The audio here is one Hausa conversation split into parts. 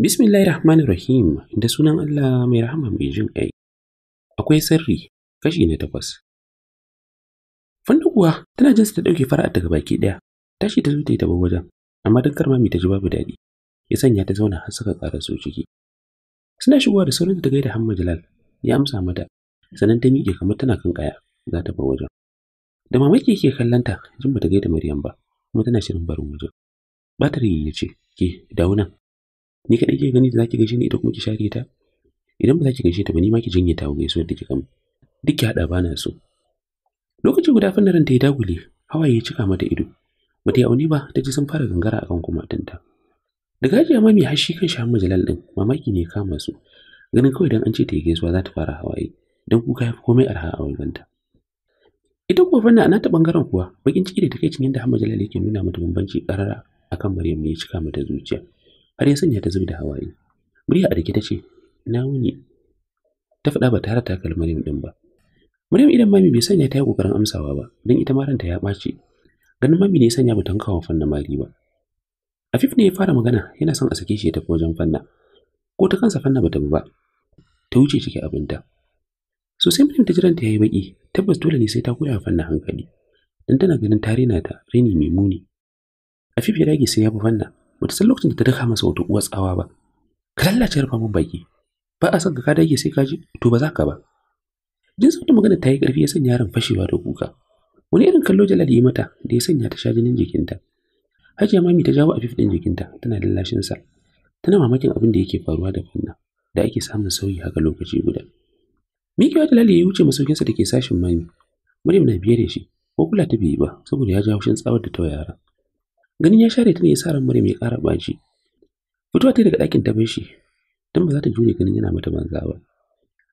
Bismillahi Rahmanir Rahim da sunan Allah mai rahama mai jin ƙai. Akwai sirri kashi na takwas. Fanda kuwa tana jinsu ta ɗauke fara'a daga baki ɗaya, tashi ta zo ta yi taɓa wajen, amma don karma mai ta ji babu daɗi, ya sanya ta zauna har suka ƙara su ciki. Suna shigowa da saurin ta gaida Hamma Jalal, ya amsa mata, sannan ta miƙe kamar tana kan ƙaya za ta bar wajen. da mamaki yake kallanta jin bata gaida Maryam ba kuma tana shirin barin wajen batari ya ce ke dawo nan ni kadai ke gani da zaki gaishe ni ita kuma ki share ta idan ba za gaishe ta ba ni ma ki jinya ta wa gaisuwar da kika mu duk ki haɗa bana so lokaci guda fannin ranta ya dagule hawaye ya cika mata ido bata yi auni ba ta ji sun fara gangara akan kumatanta. da gajiya ma mai hashi kan shahan majalal din mamaki ne kama su ganin kawai dan an ce ta yi gaisuwa za ta fara hawaye don kuka ya fi komai arha a wajenta Ita kuwa fanna na ta bangaren kuwa bakin ciki da takaicin yadda Hamma Jalal yake nuna mata bambanci karara akan Maryam ne ya cika mata zuciya. Har ya sanya ta zub da hawaye. Murya a rike ta ce, "Na wuni." Ta faɗa ba tare ta kalmar Maryam din ba. Maryam idan mami bai sanya ta yi kokarin amsawa ba, don ita ma ranta ya ɓace. Ganin mami ne ya sanya bata kawo fanna mari ba. Afif ne ya fara magana yana son a sake shi ya tafi wajen fanna. Ko ta kansa fanna bata bi ba. Ta wuce ciki abinta. so sai Maryam ta jiran ta yayi baki tabbas dole ne sai ta koya fannin hankali dan tana ganin ta rena ta rini mai muni Afif ya rage sai ya bi fanna bata san lokacin da ta daka masa wata uwa tsawa ba ka lallace rufa baki ba a san ka dage sai ka ji to ba za ka ba jin sautin magana ta yi ƙarfi ya sanya yaron fashewa da kuka wani irin kallo jalal yi mata da ya sanya ta sha jinin jikinta hajiya mami ta jawo afif ɗin jikinta tana lallashinsa tana mamakin abin da yake faruwa da fanna da ake samun sauyi haka lokaci guda mikiwa ta lalle ya wuce masaukinsa da ke sashin mami. Maryam na biye da shi, ko kula ta bai ba saboda ya ja haushin tsawar da ta yara. Ganin ya share ta ne ya sa ran Maryam ya ƙara ɓaci. Fitowa ta daga ɗakin ta bashi, don ba za ta jure ganin yana mata banza ba.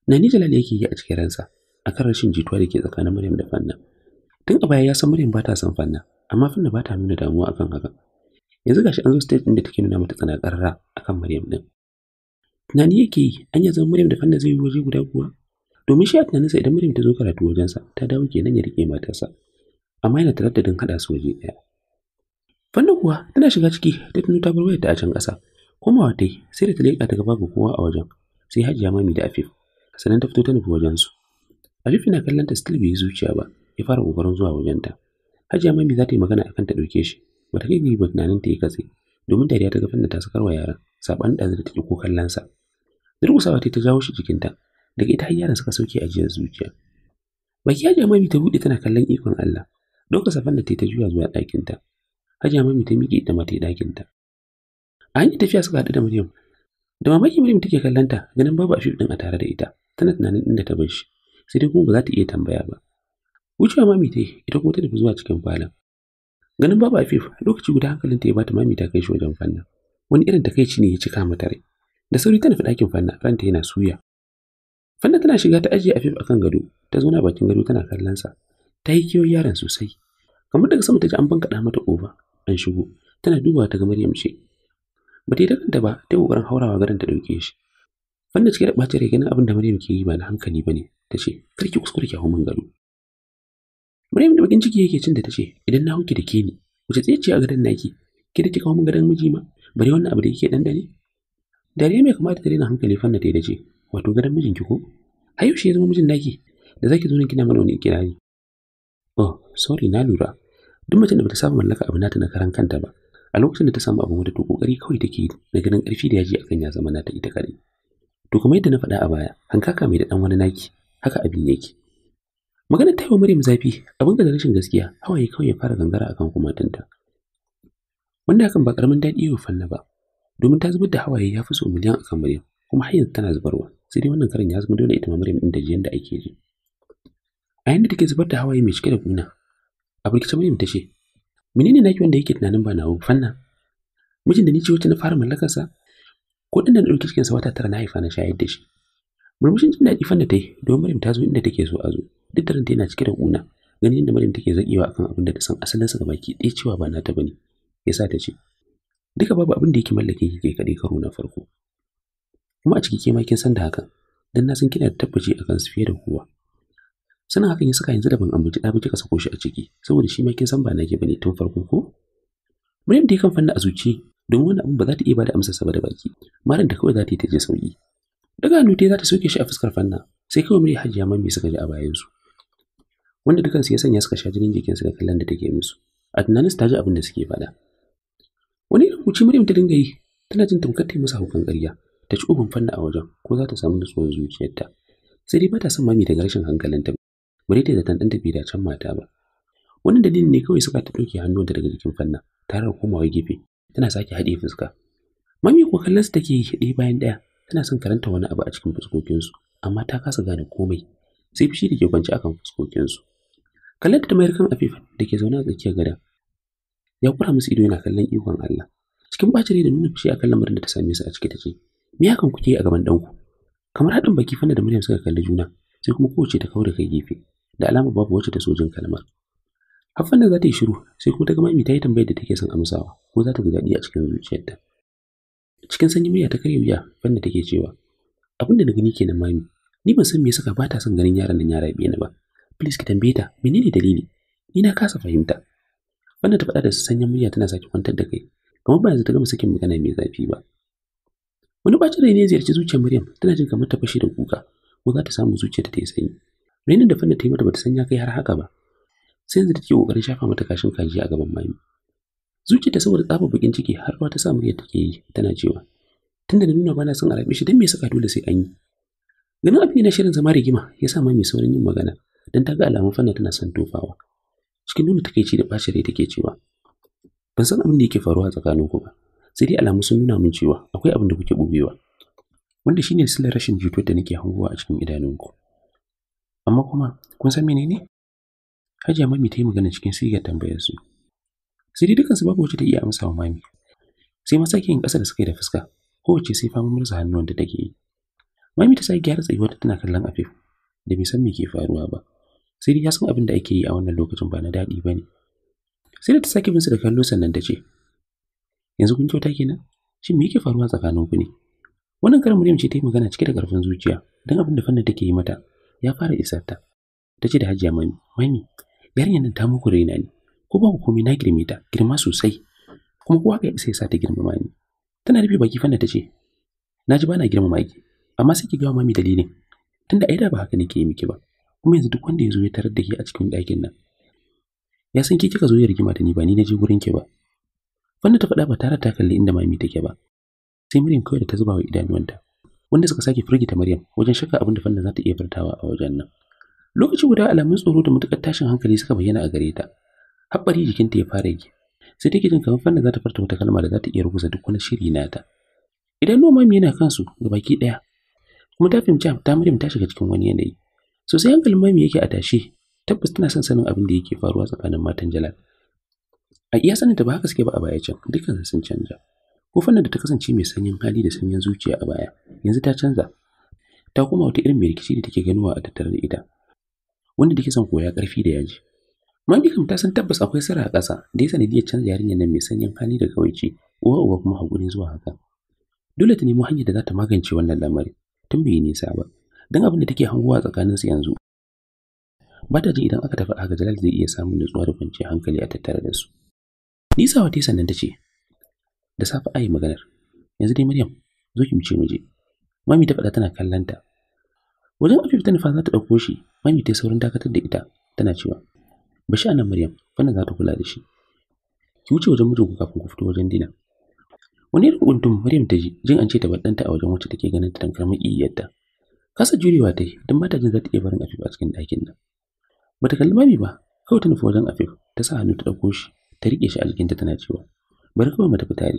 Na Nani ya yake yi a cikin ransa a akan rashin jituwa da ke tsakanin Maryam da Fanna. Tun a baya ya san Maryam ba ta son Fanna, amma Fanna ba ta nuna damuwa akan haka. Yanzu gashi an zo stage ɗin da take nuna mata tsana ƙarara akan Maryam ɗin. Tunani yake yi, an ya zama Maryam da Fanna zai yi waje guda kuwa? domin shi a tunaninsa idan Maryam ta zo karatu wajensa ta dawo kenan ya rike matarsa amma yana taraddadin haɗa su waje daya Fanna kuwa tana shiga ciki ta tuno ta bar ta a can ƙasa kuma ta sai da ta leƙa ta ga babu kowa a wajen sai hajiya mami da afif sannan ta fito ta nufi wajensu afif na kallon ta still bai zuciya ba ya fara ƙoƙarin zuwa wajenta hajiya mami za ta yi magana akan ta ɗauke shi ba ta kai ba tunanin ta yi katse domin dariya ta ga fanna ta sakarwa yaran saɓan ɗazir ta ki ko kallonsa ta jawo shi jikinta daga ita har yaran suka sauke a ajiyar zuciya baki hajiya mami ta buɗe tana kallon ikon Allah ɗaukar safan da ta juya zuwa ɗakinta hajiya mami ta miƙe ita ma ta ɗakinta a hanyar tafiya suka haɗu da Maryam da mamaki Maryam take kallon ta ganin babu Afif din a tare da ita tana tunanin inda ta bar shi sai dai kuma ba za ta iya tambaya ba wucewa mami ta yi ita kuma ta tafi zuwa cikin falon ganin babu Afif lokaci guda hankalin ta ya bata mami ta kai shi wajen fanna wani irin takaici ne ya cika mata rai da sauri ta nufi ɗakin fanna ranta yana suya Fanna tana shiga ta ajiye Afif akan gado, ta zo na bakin gado tana kallon sa. Ta yi kiyo yaron sosai. Kamar daga sama ta ji an bankaɗa mata ƙofa, an shigo. Tana dubawa ta ga Maryam ce. Ba ta yi kanta ba, ta yi ƙoƙarin haurawa gadon ta dauke shi. Fanda cike da ɓacin rai ganin abin da Maryam ke yi ba na hankali ba ne, ta ce, Kar ki kuskure ki gado. Maryam da bakin ciki yake cin da ta ce, Idan na hauki da ke ni, wace tsaye ce a gadon naki, ki da kika kawo min gadon miji ma, bari wannan abu da kike ɗanɗane. Dariya mai kamata ta daina hankali Fanna ta yi da ce, wato mijin ki ko ai shi ya zama mijin naki da zaki zo nan kina mana wani kirari oh sorry na lura duk mutum da bata samu mallaka abu nata na karan kanta ba a lokacin da ta samu abin wata to kokari kawai take na ganin karfi da yaji akan ya zama nata ita kadai to kuma yadda na faɗa a baya hankaka mai da dan wani naki haka abin yake magana ta yi wa Maryam zafi abin da rashin gaskiya hawaye kawai ya fara gangara akan kumatinta wanda hakan ba karamin daɗi ya fanna ba domin ta zubar da hawaye ya fi so miliyan akan Maryam kuma har tana zubarwa sai dai wannan karin ya zama dole ita ma Maryam din da jiyan da ake ji a yanda take zubar da hawaye mai cike da kuna a burkice Maryam ta ce menene naki wanda yake tunanin ba nawo fanna mijin da ni ce wacce na fara mallakar sa ko din da na dauki cikin sa wata tara na haifa na shayar da shi murmushin jin daɗi fanna ta yi don Maryam ta zo inda take so a zo duk da ranta yana cike da kuna ganin yadda Maryam take zakewa akan abin da ta san asalin sa baki ɗaya cewa ba nata ba bane yasa ta ce duka babu abin da yake mallake kike kaɗai karo na farko kuma a ciki ke kin san da hakan dan na san kina da tabbaci a su fiye da kowa sanin hakan ya saka yanzu da ban ambaci ɗa kika sako shi a ciki saboda shi ma kin san ba na ke bane tun farko ko Maryam dai kan fanna a zuci don wani abu ba za ta iya bada amsa saboda da baki maran da kawai za ta yi ta je sauki daga hannu za ta soke shi a fuskar fanna sai kawai murya hajiya mami suka ji a bayansu wanda su ya sanya suka sha jinin jikinsu da kallon da take musu a tunaninsu ta ji abin da suke faɗa wani irin kuci maryam ta dinga yi tana jin tamkar ta masa haukan ƙarya ta ci uban fanna a wajen ko za ta samu nutsuwar zuciyarta sai dai ba ta son mami daga rashin hankalinta ba ta da tantan dan tafi da can mata ba Wani dalilin ne kawai suka ta dauke hannunta daga jikin fanna tare da komawa gefe tana sake haɗe fuska mami ko kallon su take ɗaya bayan ɗaya tana son karanta wani abu a cikin fuskokinsu amma ta kasa gane komai sai fushi da ke kwance akan fuskokinsu kallon ta mayar kan afifa da ke zaune a tsakiyar gada ya kura musu ido yana kallon ikon Allah cikin bacin da nuna fushi akan lamarin da ta same su a ciki ta me hakan kuke yi a gaban danku kamar haɗin baki fanna da Maryam suka kalli juna sai kuma kowace ta kawo da kai gefe da alama babu wacce ta sojin kalmar haffan da za ta yi shiru sai kuma ta ga mami ta yi tambayar da take son amsawa ko za ta ga daɗi a cikin zuciyarta cikin sanyi miya ta karya wuya fanna take cewa abin da na gani kenan mami ni ban san me saka ba ta son ganin yaran nan yara biyu ba please ki tambaye ta menene dalili ni na kasa fahimta fanna ta faɗa da sanyin miya tana sake kwantar da kai kamar ba yanzu ta gama sakin magana mai zafi ba wani bacin rai ne ziyarci zuciyar Maryam tana jin kamar ta fashe da kuka ko za ta samu zuciyarta ta yi sanyi rainin da fanna ta yi mata bata sanya kai har haka ba sai yanzu take kokarin shafa mata kashin kaji a gaban mayu zuciyarta saboda tsafa bakin ciki har ta sa yadda take yi tana cewa tunda na nuna bana son a rabe shi dan me saka dole sai an yi ganin abin na shirin zama rigima ya sa mai saurin yin magana dan ta ga alamun fanna tana son tofawa cikin nuna takeici da bacin rai take cewa ban san abin da yake faruwa tsakanin ba sai dai alamu sun nuna min cewa akwai abin da kuke bugewa wanda shine silar rashin jituwa da nake hangowa a cikin idanunku amma kuma kun san menene hajiya mami ta yi magana cikin sigar tambayar su sai dai su babu wacce ta iya amsa wa mami sai yin ƙasa da suka yi da fuska kowace sai fama murza hannuwan da take yi mami ta sa gyara tsayuwar ta tana kallon afif da bai san me ke faruwa ba sai dai ya san abin da ake yi a wannan lokacin ba na daɗi ba ne sai da ta sake su da kallo sannan ta ce yanzu kun kyauta kenan shin me yake faruwa tsakanin ku ne wannan karin Maryam ce ta yi magana cike da karfin zuciya dan abin da fanna take yi mata ya fara isar ta ta ce da Hajiya Mami Mami yarinyar nan ta muku raina ne ko ba ku komai na girme ta girma sosai kuma kowa ka isa ya sa ta girmama ni tana rufe baki fanna ta ce na ji bana girmama ki amma sai ki ga mami dalilin tunda ai da ba haka nake yi miki ba kuma yanzu duk wanda ya zo ya tarar da ke a cikin ɗakin nan ya san ke kika zo ya rigima da ni ba ni na je gurin ke ba Wanda ta faɗa ba tare ta kalli inda mami take ba. Sai Maryam kawai da ta zuba wa idanuwanta. Wanda suka sake firgita Maryam wajen shakka abin da fanda za ta iya furtawa a wajen nan. Lokaci guda alamun tsoro da matuƙar tashin hankali suka bayyana a gare ta. Haɓari jikinta ya fara yi. Sai take jin kamar fanda za ta furta wata kalma da za ta iya rubuta duk wani shiri nata. Idan mami yana kansu gabaki ɗaya. Kuma ta fahimci ta Maryam ta shiga cikin wani yanayi. Sosai hankalin mami yake a tashi tabbas tana son sanin abin da yake faruwa tsakanin matan Jalal a iya sanin da ba haka suke ba a baya can dukkan sun canza. ko fannin da ta kasance mai sanyin hali da sanyin zuciya a baya yanzu ta canza ta koma wata irin mai rikici da take ganuwa a tattare da ita wanda take son koya karfi da yaji Mami kam ta san tabbas akwai sirra a ƙasa da ya sanadiyar canza yarinyar nan mai sanyin hali da kawaici uwa uwa kuma hakuri zuwa haka dole ta nemi hanyar da za ta magance wannan lamarin tun bai nisa ba don abin da take hanguwa tsakaninsu yanzu ba ta jin idan aka tafi ga jalal zai iya samun nutsuwa da kwanciyar hankali a tattare da su Nisa wata sannan ta ce, Da safe a yi maganar, yanzu dai Maryam, zo ki mu muje. Mami ta faɗa tana kallanta. Wajen afi ta nufa za ta ɗauko shi, Mami ta saurin dakatar da ita, tana cewa, Bashi anan Maryam, wannan za ta kula da shi. Ki wuce wajen mijinku kafin ku fito wajen dina. Wani irin Maryam ta ji, jin an ce ta baɗanta a wajen wacce take ganin ta tankar maƙiyarta. Kasa jurewa ta yi, don ba jin za ta iya barin Afif a cikin ɗakin nan. Bata kalli Mami ba, kawai ta nufi wajen afi ta sa hannu ta ɗauko shi, ta riƙe shi ta tana cewa bari kawai mu tafi tare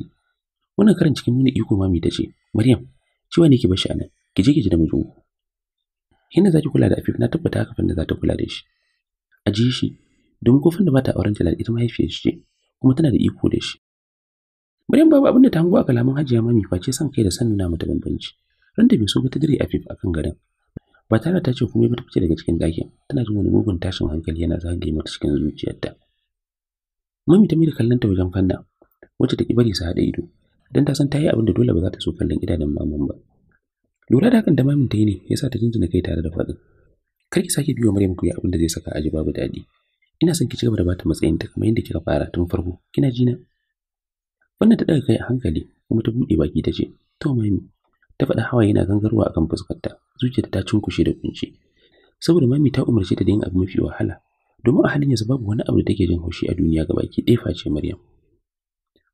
wannan karin cikin nuna iko mami ta ce maryam Cewa ne ki bashi anan ki je ki ji da mijin ku hinda za ki kula da afif na tabbata haka fanda za ta kula da shi ji shi domin kofin da ba ta auren jalal ita mahaifiyar shi ce kuma tana da iko da shi Maryam babu abin da ta hango a kalaman Hajiya Mami face son kai da san nuna mata bambanci. Ran da bai so ba ta dire Afif akan garin. Ba tare ta ce kuma ba ta fice daga cikin ɗakin. Tana jin wani mugun tashin hankali yana zagaye mata cikin zuciyarta. Mami ta mira kallon ta wajen fanna, wacce ta ki bari su haɗa ido, Dan ta san ta yi abin da dole ba za ta so kallon idanun maman ba. Lura da hakan da mamin ta yi ne ya sa ta jinjina kai tare da faɗin. Kar ki sake biyo Maryam ku ya abin da zai saka aji babu daɗi. Ina son ki ci gaba da bata matsayinta kamar yadda kika fara tun farko. Kina ji na? Wannan ta ɗaga kai a hankali kuma ta buɗe baki ta ce, To mami, ta faɗa hawa yana gangarwa akan fuskarta, zuciyarta ta cunkushe da kunci. Saboda mami ta umarce ta da yin abu mafi wahala domin a halin yanzu babu wani abu da take jin haushi a duniya gaba ki ɗefa ce Maryam.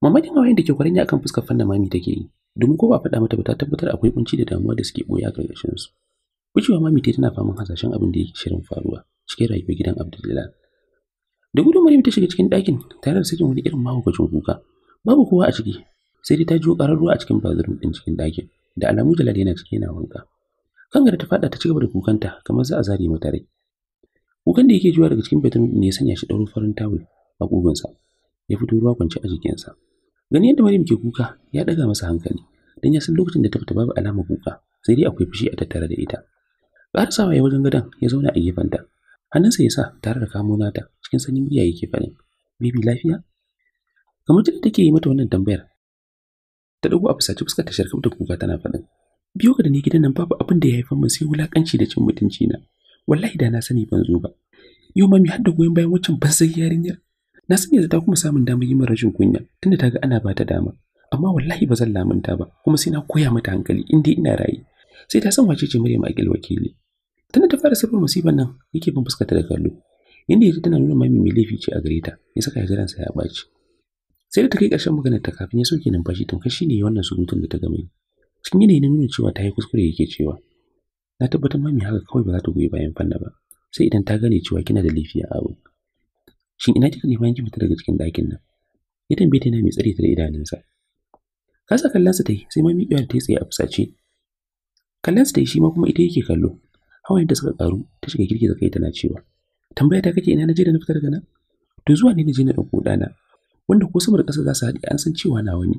Mamakin hawayen da ke kwarin ya kan fuskar fanna mami take yi, domin ko ba faɗa mata ba ta tabbatar akwai kunci da damuwa da suke ɓoye a ƙarƙashin su. Wucewa mami ta tana faman hasashen abin da yake shirin faruwa cikin rayuwar gidan Abdullahi. Da gudun Maryam ta shiga cikin ɗakin tare da sakin wani irin mahaukacin kuka. Babu kowa a ciki, sai dai ta jiyo ƙarar ruwa a cikin bathroom ɗin cikin ɗakin, da alamu Jalal yana ciki yana wanka. Kangara ta faɗa ta gaba da kukanta kamar za a zare mata rai. kukan da yake juwa daga cikin bedroom ne ya sanya shi ɗaurin farin tawul a ƙugunsa ya fito ruwa kwance a jikinsa gani yadda maryam ke kuka ya ɗaga masa hankali don ya san lokacin da ta fita babu alamar kuka sai dai akwai fushi a tattare da ita ƙarasawa ya wajen gadon ya zauna a gefenta hannunsa ya sa tare da kamo nata cikin sanyin murya yake faɗin bibi lafiya kamar da take yi mata wannan tambayar ta dago a fusace fuskar ta sharkar kuka tana faɗin biyo ka da ni gidan nan babu abin da ya haifar min sai wulaƙanci da cin mutunci na wallahi da na sani ban zo ba yau mami har da goyon bayan waccan ban san yarinyar na san yanzu ta kuma samun damar yi min rashin kunya tunda ta ga ana ba ta dama amma wallahi ba zan lamunta ba kuma sai na koya mata hankali in ina raye sai ta san wace ce Maryam Akil wakili tunda ta fara sabon musibar nan yake bin fuskata da kallo inda yake tana nuna mami mai laifi ce a gare ta ya saka ya sa ya ɓaci sai da ta kai ƙarshen magana ta kafin ya soke numfashi tun kashi ne wannan surutun da ta yi cikin yanayi na nuna cewa ta yi kuskure yake cewa na tabbatar mami haka kawai ba za ta goyi bayan fanna ba sai idan ta gane cewa kina da lafiya a wurin shin ina kika neman ki fita daga cikin ɗakin nan ya tambaye ta yana mai tsare ta da idanunsa kasa kallon sa ta yi sai mami ƙiyar ta tsaye a fusace kallon ta yi shi ma kuma ita yake kallo hawayen yadda suka karu ta shiga girgiza kai tana cewa tambaya ta kake ina na je da na fita daga nan to zuwa ne na je na ɗauko ɗana wanda ko samar ƙasa za su haɗe an san cewa nawa ne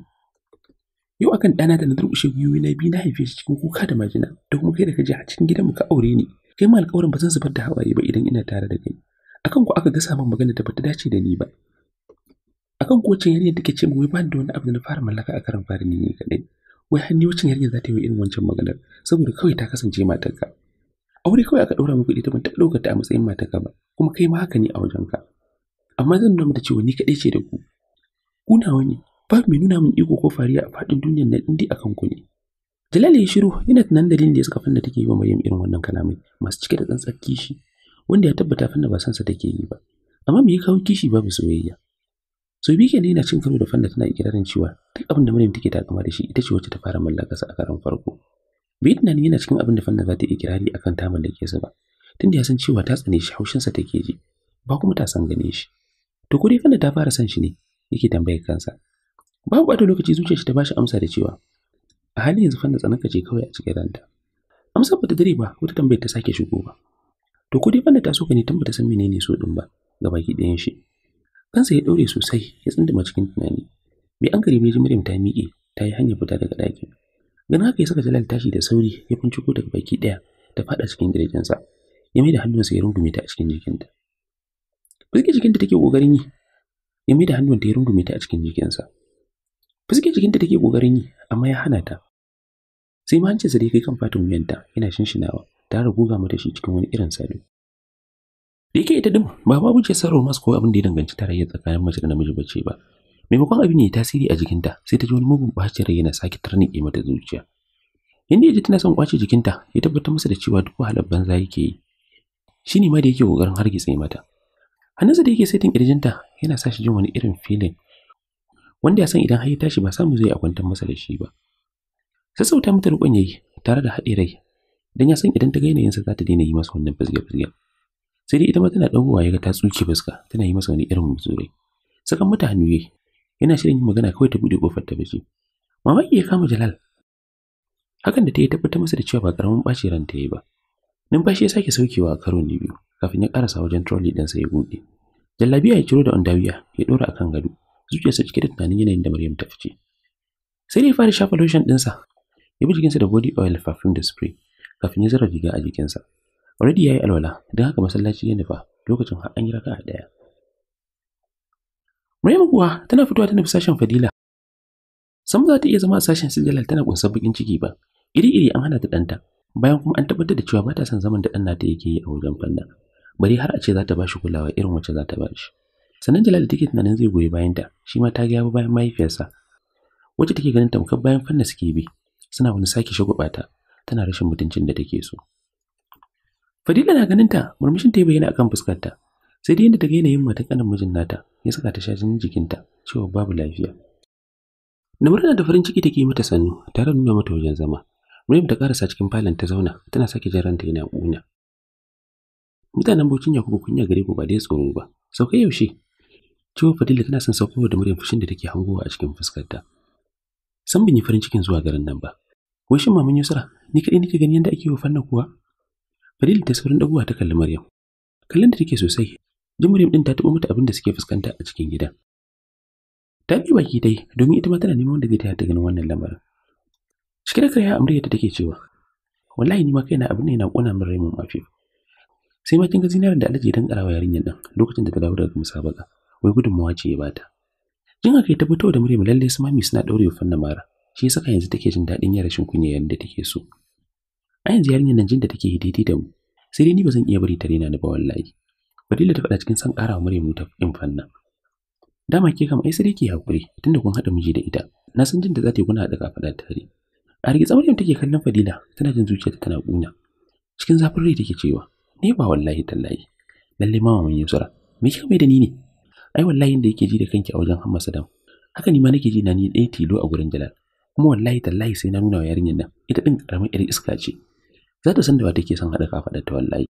yau akan ɗana da na durƙushe gwiwoyi na biyu na haife shi cikin kuka da majina da kuma kai da kaji a cikin mu ka aure ni kai ma alƙawarin ba zan zubar da hawaye ba idan ina tare da kai akan ku aka gasa min magana da bata dace da ni ba akan ku wacce yarinya take ce wai bani da wani abu da na fara mallaka a karan fari ne kaɗai wai hannu wacce yarinya za ta yi irin wancan maganar saboda kawai ta kasance matarka aure kawai aka ɗora min kuɗi ta ban taɓa ɗaukar ta a matsayin matarka ba kuma kai ma haka ne a wajen ka. amma zan nuna da cewa ni kaɗai ce da ku ku nawa ba mai nuna min iko ko fariya a faɗin duniyar na indi akan ku ne jalal ya shiru yana tunanin dalilin da ya saka fanna take yi wa maryam irin wannan kalamai masu cike da tsantsar kishi wanda ya tabbata fanna ba sansa take yi ba amma me ya kawo kishi babu soyayya so bi kenan yana cin karo da fanna tana ikirarin cewa duk abin da maryam take takama da shi ita ce wacce ta fara mallaka sa a karan farko bai tunanin yana cikin abin da fanna za ta ikirari kirari akan ta mallake sa ba tunda ya san cewa ta tsane shi haushinsa take ji ba kuma ta san gane shi to ko dai fanna ta fara san shi ne yake tambayar kansa babu bata lokaci zuciyar shi ta bashi amsa da cewa a halin yanzu Fanda tsananka ce kawai a cikin ranta amsa bata dare ba wata tambayar ta sake shigo ba to ko dai fanda ta so ka ne tambata san menene so din ba ga baki ɗayan shi kansa ya ɗaure sosai ya tsindima cikin tunani mai an gari ji Maryam ta miƙe ta yi hanyar fita daga ɗakin ganin haka ya saka Jalal tashi da sauri ya binciko daga baki ɗaya ta faɗa cikin sa ya mai da hannunsa ya rungume ta a cikin jikinta rike jikinta take ƙoƙarin yi ya mai da hannunta ya rungume ta a cikin jikinsa Fuske jikinta take ƙoƙarin yi, amma ya hana ta. Sai ma hancinsa da ya kai kan fatin wuyanta yana shinshinawa, ta da goga mata shi cikin wani irin salo. Da yake ita din ba babu ce sarar masu ko abin da ya danganci tarayya tsakanin mace da namiji bace ba. Maimakon abin ya tasiri a jikinta sai ta ji wani mugun bacin rai yana sake tarnike mata zuciya. Inda ji tana son kwace jikinta ya tabbatar masa da cewa duk wahalar banza yake yi. Shi ne ma da yake kokarin hargitse mata. Hannunsa da yake saitin kirjinta yana sa shi jin wani irin filin wanda ya san idan har ya tashi ba samu zai a masa da shi ba sassauta mata rukun yayi tare da haɗe rai dan ya san idan ta ga yanayinsa za ta daina yi masa wannan fizge fizge sai dai ita ma tana ɗaukowa ya ga ta tsuke fuska tana yi masa wani irin muzurai sakan mata hannu yana shirin yin magana kawai ta buɗe kofar ta bace mamaki ya kama Jalal hakan da ta yi tabbatar masa da cewa ba karamin bashi ran ta yi ba numfashi ya sake saukewa a karo na biyu kafin ya karasa wajen trolley sai ya buɗe jallabiya ya ciro da undawiya ya dora akan gado zuciyarsa cike da tunanin yanayin da Maryam ta fice. Sai da ya fara shafa lotion ɗinsa, ya bi jikinsa da body oil perfume da spray kafin ya zara riga a jikinsa. Already ya yi alwala, don haka masallaci ya nufa lokacin har an yi raka a ɗaya. Maryam kuwa tana fitowa tana nufi sashen Fadila. Sam za ta iya zama a sashen Sijalal tana ƙunsar bakin ciki ba, iri-iri an hana ta ɗanta, bayan kuma an tabbatar da cewa ba ta son zaman da ɗan nata yake yi a wajen fanna. Bari har a ce za ta ba shi kulawa irin wacce za ta ba shi. sannan jalal take tunanin zai goyi bayanta shi ma ta ga bayan mahaifiyarsa wacce take ganin tamkar bayan fanna suke bi suna wani sake shagwabata tana rashin mutuncin da take so fadila na ganin ta murmushin ta bayyana akan fuskarta sai dai yadda ta ga yanayin matan kanin mijin nata ya saka ta shajin jikinta cewa babu lafiya namurna da farin ciki take mata sannu tare da nuna mata wajen zama Maryam ta karasa cikin falon ta zauna tana sake jan ranta yana kuna mutanen bocin Yakubu kunya gare ku ba dai tsoro ba saukai yaushe Ciwon Fadila tana son saukowa da muryar fushin da take hangowa a cikin fuskarta. San bin yi farin cikin zuwa garin nan ba. Wai shin maman Yusra, ni kaɗai nake ganin yadda ake wa fanna kuwa? Fadila ta saurin ɗaguwa ta kalli Maryam. Kallon da take sosai, ji Maryam ɗin ta taɓa mata abin da suke fuskanta a cikin gida Ta bi baki dai domin ita ma tana neman wanda zai taya ta ganin wannan lamarin. Cike da karya amurya ta take cewa, wallahi ni ma kaina abin ne yana ƙona min rai mun mafi. Sai ma kin ga zinarin da Alhaji ya dankara wa yarinyar ɗin, lokacin da ta dawo daga musabaka. wai gudunmawa ce ya bata jin haka ta fito da Maryam lalle su mami suna daure na mara shi saka yanzu take jin daɗin yara shin kunya yanda take so a yanzu yarinyar nan jin da take hididi da mu sai dai ni ba iya bari ta rena ni ba wallahi Fadila ta faɗa cikin san ƙara wa Maryam ta in fanna dama ke kam ai sai dai ke hakuri tunda kun haɗa miji da ita na san jin da za ta yi kuna haɗa kafaɗa tare a rigitsa Maryam take kallon Fadila tana jin zuciyarta tana kuna cikin zafin rai take cewa ne ba wallahi tallahi lalle mama mun yi me kika mai da ni ne ai wallahi da yake ji da kanki a wajen Hamma Saddam haka ni ma nake ji na ni dai tilo a gurin Jalal kuma wallahi tallahi sai na nuna wa yarinyar nan ita din karamar yar iska ce za ta san da wa take son kafa kafaɗa ta wallahi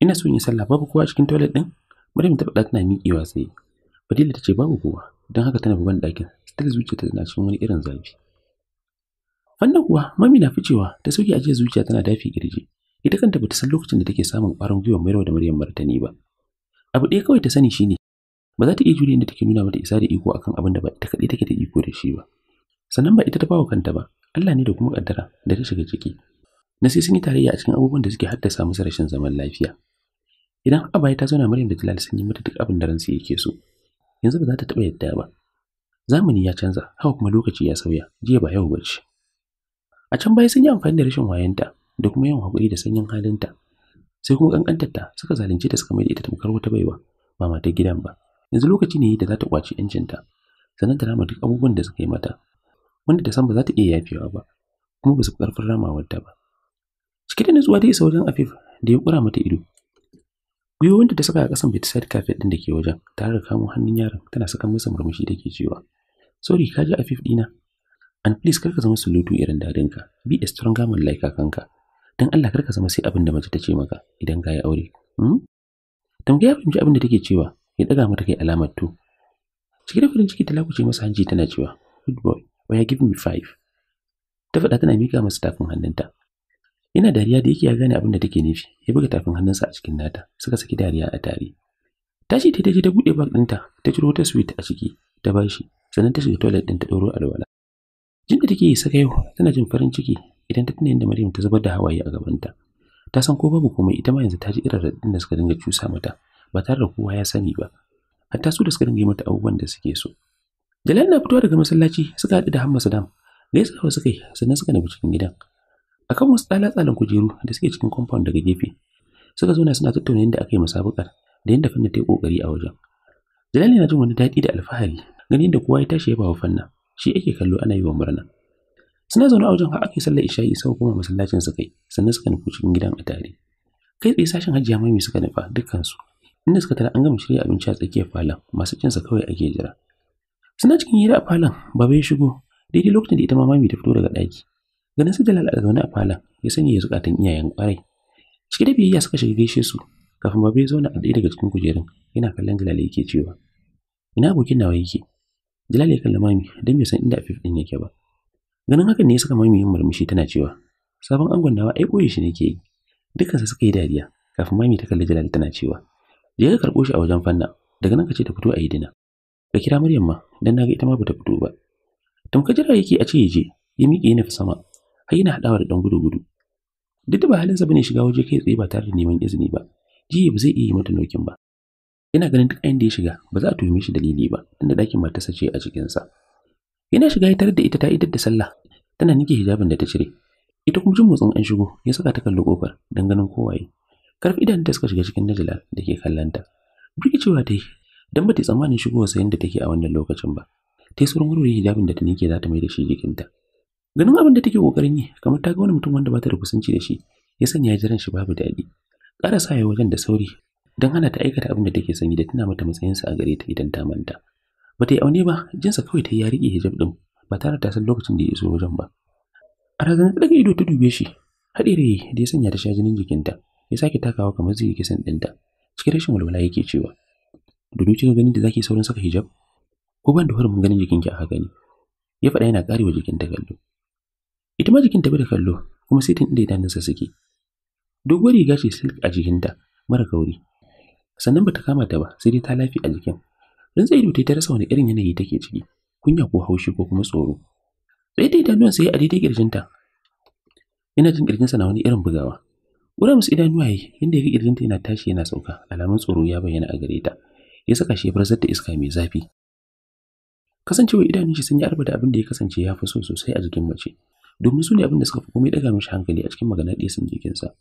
ina son yin sallah babu kowa cikin toilet din Maryam taba faɗa tana miƙewa sai Fadila ta ce babu kowa don haka tana ban ɗakin still zuciyarta tana cikin wani irin zafi Wannan kuwa mami na ficewa ta sauke ajiyar zuciya tana dafi kirji ita kanta bata san lokacin da take samun ƙwarin gwiwa mayarwa da Maryam martani ba abu ɗaya kawai ta sani shine ba za ta iya jure inda take nuna mata isa da iko akan abin da ba ita kaɗai take da iko da shi ba sannan ba ita ta bawa kanta ba Allah ne da kuma kaddara da ta shiga ciki na sai sun yi tarayya a cikin abubuwan da suke haddasa musu rashin zaman lafiya idan abaya ta zauna Maryam da Jalal sun yi mata duk abin da ransu yake so yanzu ba za ta taɓa yadda ba zamani ya canza haka kuma lokaci ya sauya jiya ba yau bace a can baya sun yi amfani da rashin wayanta da kuma yawan hakuri da sanyin halinta sai kuma kankantarta suka zalunce ta suka mai da ita tamkar wata baiwa ba matar gidan ba yanzu lokaci ne da za ta kwaci yancinta sannan ta rama duk abubuwan da suka yi mata wanda ta san ba za ta iya yafewa ba kuma ba su karfin ta ba cike da nutsuwa ta isa wajen afif da ya kura mata ido gwiwowinta ta saka a kasan bedside carpet din da ke wajen tare da kamo hannun yaron tana saka masa murmushi da ke cewa sorry ka ji afif dina and please kar ka zama sulutu irin dadinka Bi a strong man like kakanka dan Allah kar ka zama sai abin da mace ta ce maka idan ka yi aure hmm? ya fahimci abin da take cewa ya ɗaga mata kai alamar to cikin farin ciki ta lakuce masa hanci tana cewa, Good boy, why give me five? Ta faɗa tana mika masa tafin hannunta. Ina dariya da yake ya gane abin da take nufi, ya buga tafin hannunsa a cikin nata, suka saki dariya a tare. Tashi ta je ta buɗe bag ɗinta, ta ciro wata sweet a ciki, ta bashi, sannan ta shiga toilet ɗin ta ɗoro alwala. Jin da take saka yau, tana jin farin ciki idan ta tuna da Maryam ta zubar da hawaye a gabanta. ta san ko babu komai ita ma yanzu ta ji irin raɗin da suka dinga cusa mata ba tare da kowa ya sani ba hatta su da suka dinga yi mata abubuwan da suke so jalal na fitowa daga masallaci suka haɗu da hamma sadam gaisawa suka yi sannan suka nufi cikin gidan akan wasu tsala-tsalan kujeru da suke cikin compound daga gefe suka zauna suna tattauna yadda aka yi musabakar da yadda fanna ta yi kokari a wajen jalal yana jin wani daɗi da alfahari ganin da kowa ya tashi ya bawa fanna shi ake kallo ana yi wa murna suna zaune a wajen har aka yi sallar isha'i sau kuma masallacin suka yi sannan suka nufi cikin gidan a tare kai tsaye sashen hajiya mai suka nufa dukkansu inda suka tara an gama shirya abinci a tsakiyar falon masu cinsa kawai ake jira suna cikin hira a falon baba ya shigo daidai lokacin da ita ma mami ta fito daga ɗaki ganin su jalal a zaune a falon ya sanya ya zukatan iyayen kwarai cike da biyayya suka shiga gaishe su kafin baba ya zauna a ɗaya daga cikin kujerun yana kallon jalal yake cewa ina abokin nawa yake jalal ya kalli mami don bai san inda a ɗin yake ba ganin hakan ne ya saka mami yin murmushi tana cewa sabon angon nawa ai ɓoye shi ke yi dukansa suka yi dariya kafin mami ta kalli jalal tana cewa da ya karɓo shi a wajen fanna daga nan ka ce ta fito a yi dina ka kira Maryam ma dan naga ita ma bata fito ba tamka jira yake a ce ya je ya miƙe ni sama har yana haɗawa da dan gudu-gudu duk da ba halin sa bane shiga waje kai tsaye ba tare da neman izini ba jiya ba zai iya yi mata nokin ba yana ganin duk ayin da ya shiga ba za a tuhume shi dalili ba tunda dakin matarsa ce a sa yana shiga ya tarar da ita ta idar da sallah tana nike hijabin da ta cire ita kuma jin motsin an shigo ya saka ta kallo kofar dan ganin kowaye karfi idan ta suka shiga cikin najila da ke kallanta rikicewa ta yi don ba ta tsammanin shigowa sayan da take a wannan lokacin ba ta yi sauran warware hijabin da ta nike za ta mai da shi jikinta ganin abin da take kokarin yi kamar ta ga wani mutum wanda ba ta da kusanci da shi ya sanya jiran shi babu daɗi ƙara sa ya wajen da sauri don hana ta aikata abin da take sanyi da tana mata matsayinsa a gare ta idan ta manta ba ta yi aune ba jinsa kawai ta yi ya riƙe hijab ɗin ba tare da ta san lokacin da ya iso wajen ba a razanar daga ido ta dube shi haɗe da ya sanya ta sha jinin jikinta ya sake takawa kamar zai yi kisan cikin rashin walwala yake cewa domin kika ganin da zaki saurin saka hijab ko ban da mun ganin jikinki a haka ya faɗa yana ƙarewa ta kallo ita ma jikinta ta da kallo kuma sai tun inda sa suke doguwar riga ce silk a jikinta mara kauri sannan bata kama ta ba sai dai ta lafi a jikin rinsa ido ta rasa wani irin yanayi take ciki kunya ko haushi ko kuma tsoro sai ta idanuwan sai a daidai kirjinta Ina jin kirjinsa na wani irin bugawa Williams idanuwa yi inda ya ga ƙirjinta yana tashi yana sauka alamun tsoro ya bayyana a gare ta ya saka shi farzar da iska mai zafi. Kasancewar idanun shi sun yi arba da abin da ya kasance ya fi so sosai a jikin mace domin su ne abin da suka fi komai daga mishi hankali a cikin magana ɗaya sun jikinsa.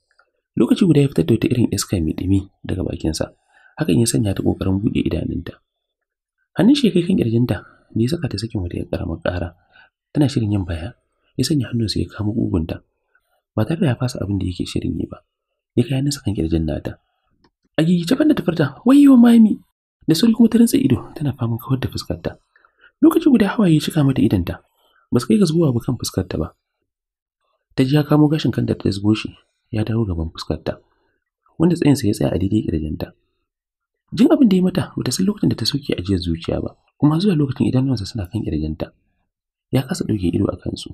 Lokaci guda ya fitar da wata irin iska mai ɗumi daga bakinsa hakan ya sanya ta ƙoƙarin buɗe idanunta. Hannun shi kai kan ƙirjinta da ya saka ta sakin wata ƙaramar ƙara tana shirin yin baya ya sanya hannunsa ya kama ƙugunta ba tare da ya fasa abin da yake shirin yi ba ya kai nasa kan kirjin nata a gigi ta da ta furta mami da sauri kuma ta rantsa ido tana faman kawar da fuskarta lokaci guda hawaye ya cika mata idanta ba su kai gasguwa ba kan fuskarta ba ta ji ya kamo gashin kanta ta zubo shi ya dawo gaban fuskarta wanda tsayinsa ya tsaya a daidai kirjinta jin abin da ya mata bata san lokacin da ta soke ajiyar zuciya ba kuma zuwa lokacin idanuwansa suna kan kirjinta ya kasa ɗauke ido a kansu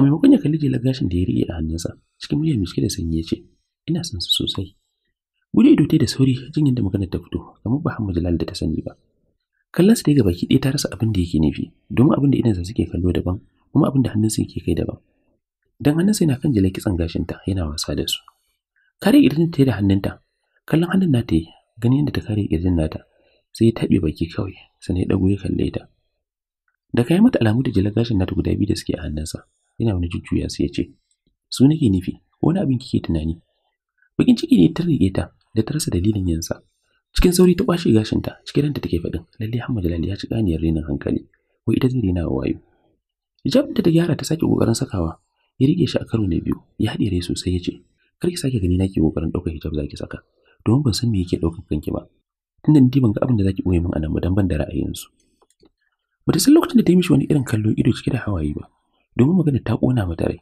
a maimakon ya kalli jelar gashin da ya riƙe a hannunsa cikin murya mai cike da sanyi ya ce ina son su sosai gudu ido da sauri jin yadda maganar ta fito kamar ba Hamma Jalal da ta sani ba kallon sa gaba baki ɗaya ta rasa abin da yake nufi domin abin da idansa suke kallo daban kuma abin da hannunsa yake kai daban dan hannunsa yana kan jelar kitsan gashinta yana wasa da su kare irin ta da hannunta kallon hannun nata yi ganin yadda ta kare irin nata sai ya taɓe baki kawai sannan ya ɗago ya kalle ta da kayan mata alamu da gashin nata guda biyu da suke a hannunsa yana wani jujjuya sai ya ce su nake nufi wani abin kike tunani bakin ciki ne ta rike ta da ta rasa dalilin yansa cikin sauri ta kwashe gashinta cikin ranta take faɗin lalle hamma Jalali ya ci ganiyar renin hankali ko ita zai rena wayo hijab da ta gyara ta sake kokarin sakawa ya rike shi a karo na biyu ya haɗe rai sosai ya ce kar ki sake gani nake kokarin ɗaukar hijab zaki saka domin ban san me yake ɗaukar kanki ba tunda ni ban ga abin da zaki ɓoye min a nan ba dan ban da ra'ayinsu ba ta san lokacin da ta yi mishi wani irin kallo ido cike da hawaye ba domin magana ta ƙona mata rai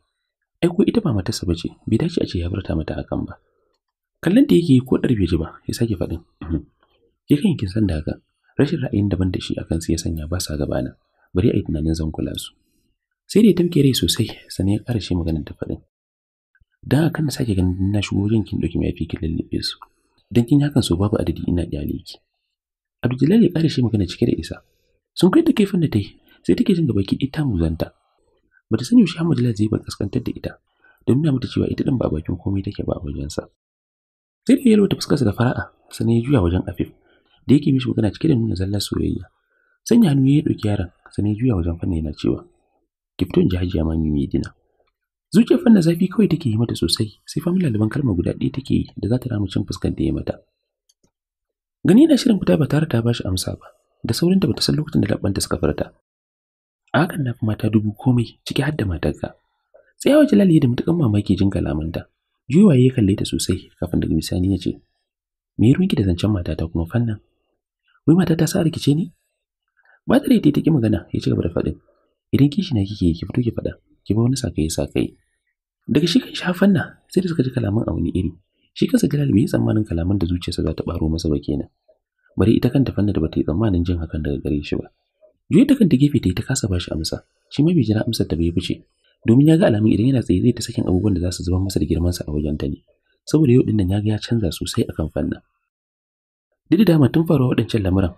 ai ko ita ba matarsa ba ce bai dace a ce ya furta mata hakan ba kallon da yake yi ko ɗar bai ji ba ya sake faɗin uhm, ke kan kin san da haka rashin ra'ayin daban da shi akan sai ya sanya ba sa gabana bari a yi tunanin zan kula su sai da ya tamke rai sosai sannan ya ƙara shi maganar da faɗin don a kan sake ganin na shigo wajen kin ɗauki mafi kin lullube su dan kin hakan so babu adadi ina ƙyale ki abdullahi ya ƙara magana cike da isa sun kai ta kaifin da ta yi sai take jin gaba ki ita muzanta Bata sani yaushe Ahmad Ladi ba kaskantar da ita domin nuna mata cewa ita din ba bakin komai take ba a wajensa. Sai da yalo ta fuskarsa da fara'a sannan ya juya wajen Afif da yake mishi magana cike da nuna zallar soyayya. Sanya hannu ya ɗauki yaron sannan ya juya wajen fanna yana cewa ki fito in ji hajiya ma mai dina. Zuciyar fanna zafi kawai take yi mata sosai sai fa laliban kalma guda ɗaya take yi da za ta rama cin fuskar da ya mata. Gani na shirin fita ba tare ta bashi amsa ba da saurinta bata san lokacin da labbanta suka furta a hakan na fi mata dubu komai ciki har da matarka tsayawa jalal ya da mutukan mamaki jin kalamanta juyawa ya kalle ta sosai kafin daga bisani ya ce me ruwanki da zancen matata kuma fannan wai ta sa rikice ne ba ta ta ki magana ya ci gaba da faɗin idan kishi na kike ki fito ki faɗa ki ba wani sakaye sakaye daga shi kan sha fannan sai da suka ji kalaman a wani iri shi kansa Jalal bai yi tsammanin kalaman da zuciyarsa za ta baro masa ba kenan bari ita kanta fannan da bata yi tsammanin jin hakan daga gare shi ba Juyi ta kanta gefe ta yi ta kasa ba shi amsa, shi ma bai jira amsar ta bai fice, domin ya ga alamun idan yana tsaye zai ta sakin abubuwan da za su zuba masa da girmansa a wajen ta ne, saboda yau ɗin nan ya ga ya canza sosai a kan fannin. Duk da dama tun faruwa waɗancan lamuran,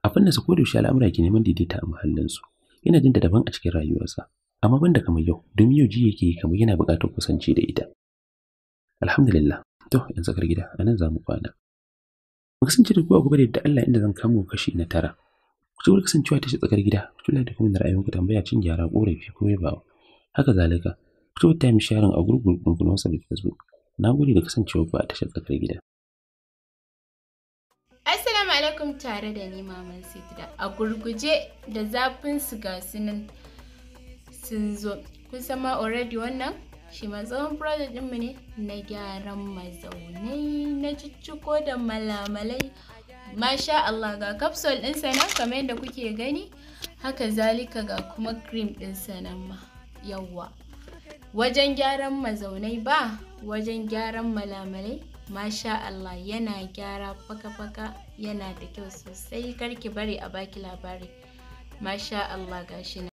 a fannin su shi al'amura ke neman daidaita a muhallinsu, yana jin da daban a cikin rayuwarsa, amma banda kamar yau, domin yau ji yake kamar yana buƙatar kusanci da ita. Alhamdulillah, to yanzu kar gida, anan za mu kwana. mu kasance da ku a gobe da Allah inda zan kamo kashi na tara ku ci wani kasancewa ta tsakar gida ku tula da kuma ku tambaya cin gyara korafi ko ba haka zalika ku ta yi misharin a gurgur ku na wasa da facebook na gode da kasancewa ku a tashar tsakar gida assalamu alaikum tare da ni maman sitida a gurguje da zafin su ga sunan sun zo kun ma already wannan shi ma tsohon project ɗinmu ne na gyaran mazaunai na cicciko da malamalai Masha Allah ga capsule ɗin na kamar yadda kuke gani haka zalika ga kuma cream ɗin sana ma yawwa. Wajen gyaran mazaunai ba wajen gyaran malamalai Masha Allah yana gyara faka-faka yana da kyau sosai karki bari a baki labari. Masha Allah gashi na.